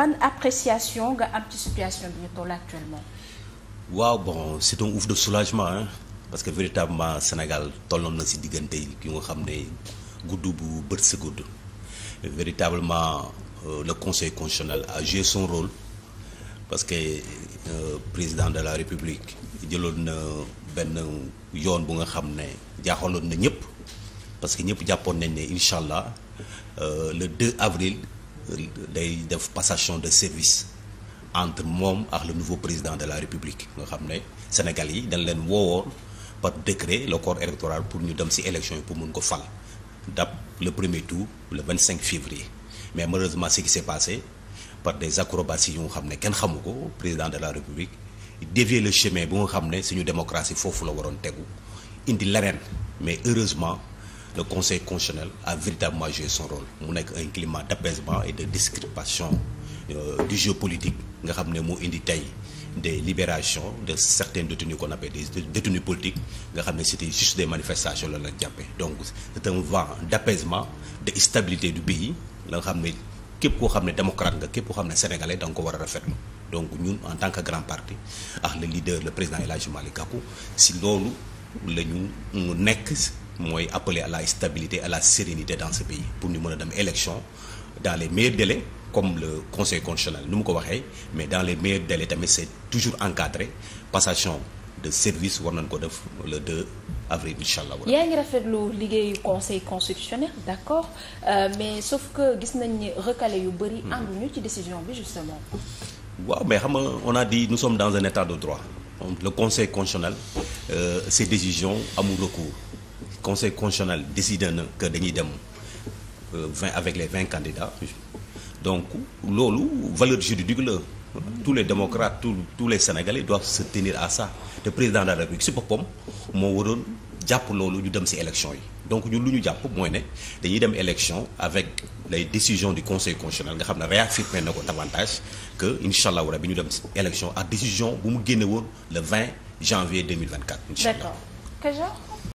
ban appréciation nga am ci situation bi ñu toll actuellement. waaw bon c'est un ouf de soulagement parce que véritablement Sénégal tolloon na si diggante yu nga xam ne gudd bu bët sa gudd. véritablement euh, le conseil constitutionnel a joué son role parce que euh, président de la république jëloon na benn yoon bu nga xam ne jaaxaloon na ñëpp parce que ñëpp jàppoon nañ ne incha allah euh, le 2 avril. day def passation de service entre moom ak le nouveau président de la république nga xam ne Sénégal yi dañ leen woowoon par décret le corps électoral pour ñu dem ci élection yi pour mun ko fal dab le premier tour le 25 février mais malheureusement ce qui s'est passé par des acrobaties yu nga xam ne kenn xamu ko président de la république dévier le chemin bu nga xam ne suñu démocratie foofu la waroon tegu indi leneen mais heureusement le conseil constitutionnel a véritablement joué son rôle mu nekk un climat d'apaisement et de discrétion euh, du jeu politique nga xam ne moo indi tey des libérations de certains détenus ko appelle des détenus politiques nga xam ne c'était juste des manifestations la lañ jàppee donc c'est un vent d'apaisement de stabilité du pays la xam ne képp koo xam ne démocrate nga képp ko xam ne sénégalais da ko war a rafetlu donc ñun en tant que grand parti ah le leader le président El Hadji si loolu la ñu nekk mooy appeler à la stabilité à la sérénité dans ce pays pour ñu mën a dem élection dans les meilleurs délais comme le conseil constitutionnel nu mu ko waxee mais dans les meilleurs délais tamit c'est toujours encadré passation de service war nañ ko def le 2 avril incha allah. yaa ngi rafetlu liggéeyu conseil constitutionnel d'accord euh, mais sauf que gis nañ ni recalé yu bëri. Hmm. ànduñu ci décision bi justement. waaw mais xam nga on a dit nous sommes dans un état de droit donc le conseil constitutionnel euh, ses décisions amul recours. conseil constitutionnel décidé na que dañuy dem euh, vingt avec les vingt candidats donc loolu valeur juridique la tous les démocrates tous tous les sénégalais doivent se tenir à sa te président de la république si boppam moo waroon jàpp loolu ñu dem si élection yi donc ñun lu ñu jàpp mooy ne dañuy dem élection avec les décision du conseil constitutionnel nga xam ne réaffirmé na ko davantage que incha allah rabi ñu dem ci élection ak décision bu mu génne woon le 20 janvier 2024. incha allah d'accord